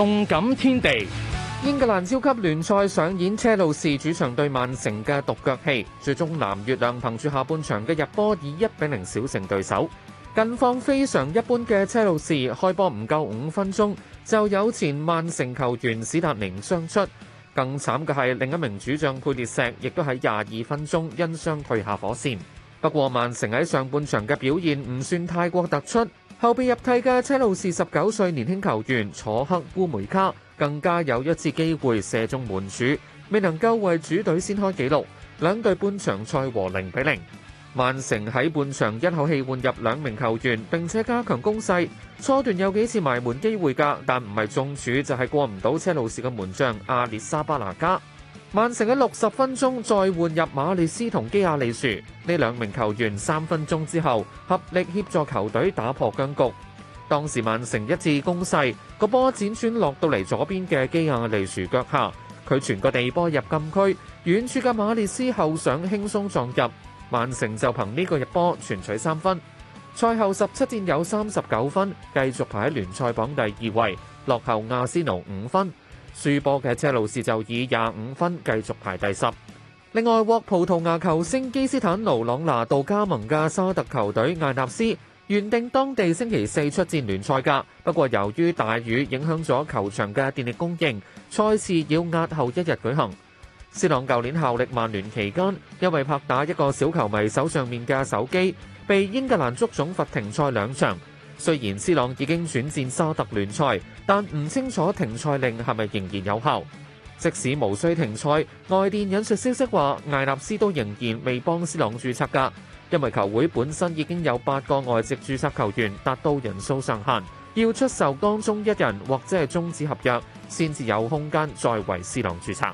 動感天地，英格蘭超級聯賽上演車路士主場對曼城嘅獨腳戲，最終藍月亮憑住下半場嘅入波以一比零小勝對手。近況非常一般嘅車路士，開波唔夠五分鐘就有前曼城球員史達寧傷出，更慘嘅係另一名主將佩列錫亦都喺廿二分鐘因傷退下火線。不過曼城喺上半場嘅表現唔算太過突出。後備入替嘅車路士十九歲年輕球員楚克烏梅卡更加有一次機會射中門柱，未能夠為主隊先開紀錄。兩隊半場賽和零比零。曼城喺半場一口氣換入兩名球員，並且加強攻勢。初段有幾次埋門機會噶，但唔係中柱就係、是、過唔到車路士嘅門將阿列沙巴拿加。曼城喺六十分鐘再換入馬列斯同基亞利殊，呢兩名球員三分鐘之後合力協助球隊打破僵局。當時曼城一次攻勢，個波輾轉落到嚟左邊嘅基亞利殊腳下，佢傳個地波入禁區，遠柱嘅馬列斯後上輕鬆撞入，曼城就憑呢個入波全取三分。賽後十七戰有三十九分，繼續排喺聯賽榜第二位，落後阿仙奴五分。輸波嘅車路士就以廿五分繼續排第十。另外，獲葡萄牙球星基斯坦奴·朗拿度加盟嘅沙特球隊艾納斯原定，當地星期四出戰聯賽嘅，不過由於大雨影響咗球場嘅電力供應，賽事要押後一日舉行。斯朗舊年效力曼聯期間，因為拍打一個小球迷手上面嘅手機，被英格蘭足總罰停賽兩場。雖然斯朗已經轉戰沙特聯賽，但唔清楚停賽令係咪仍然有效。即使無需停賽，外電引述消息話，艾納斯都仍然未幫斯朗註冊㗎，因為球會本身已經有八個外籍註冊球員達到人數上限，要出售當中一人或者係終止合約，先至有空間再為斯朗註冊。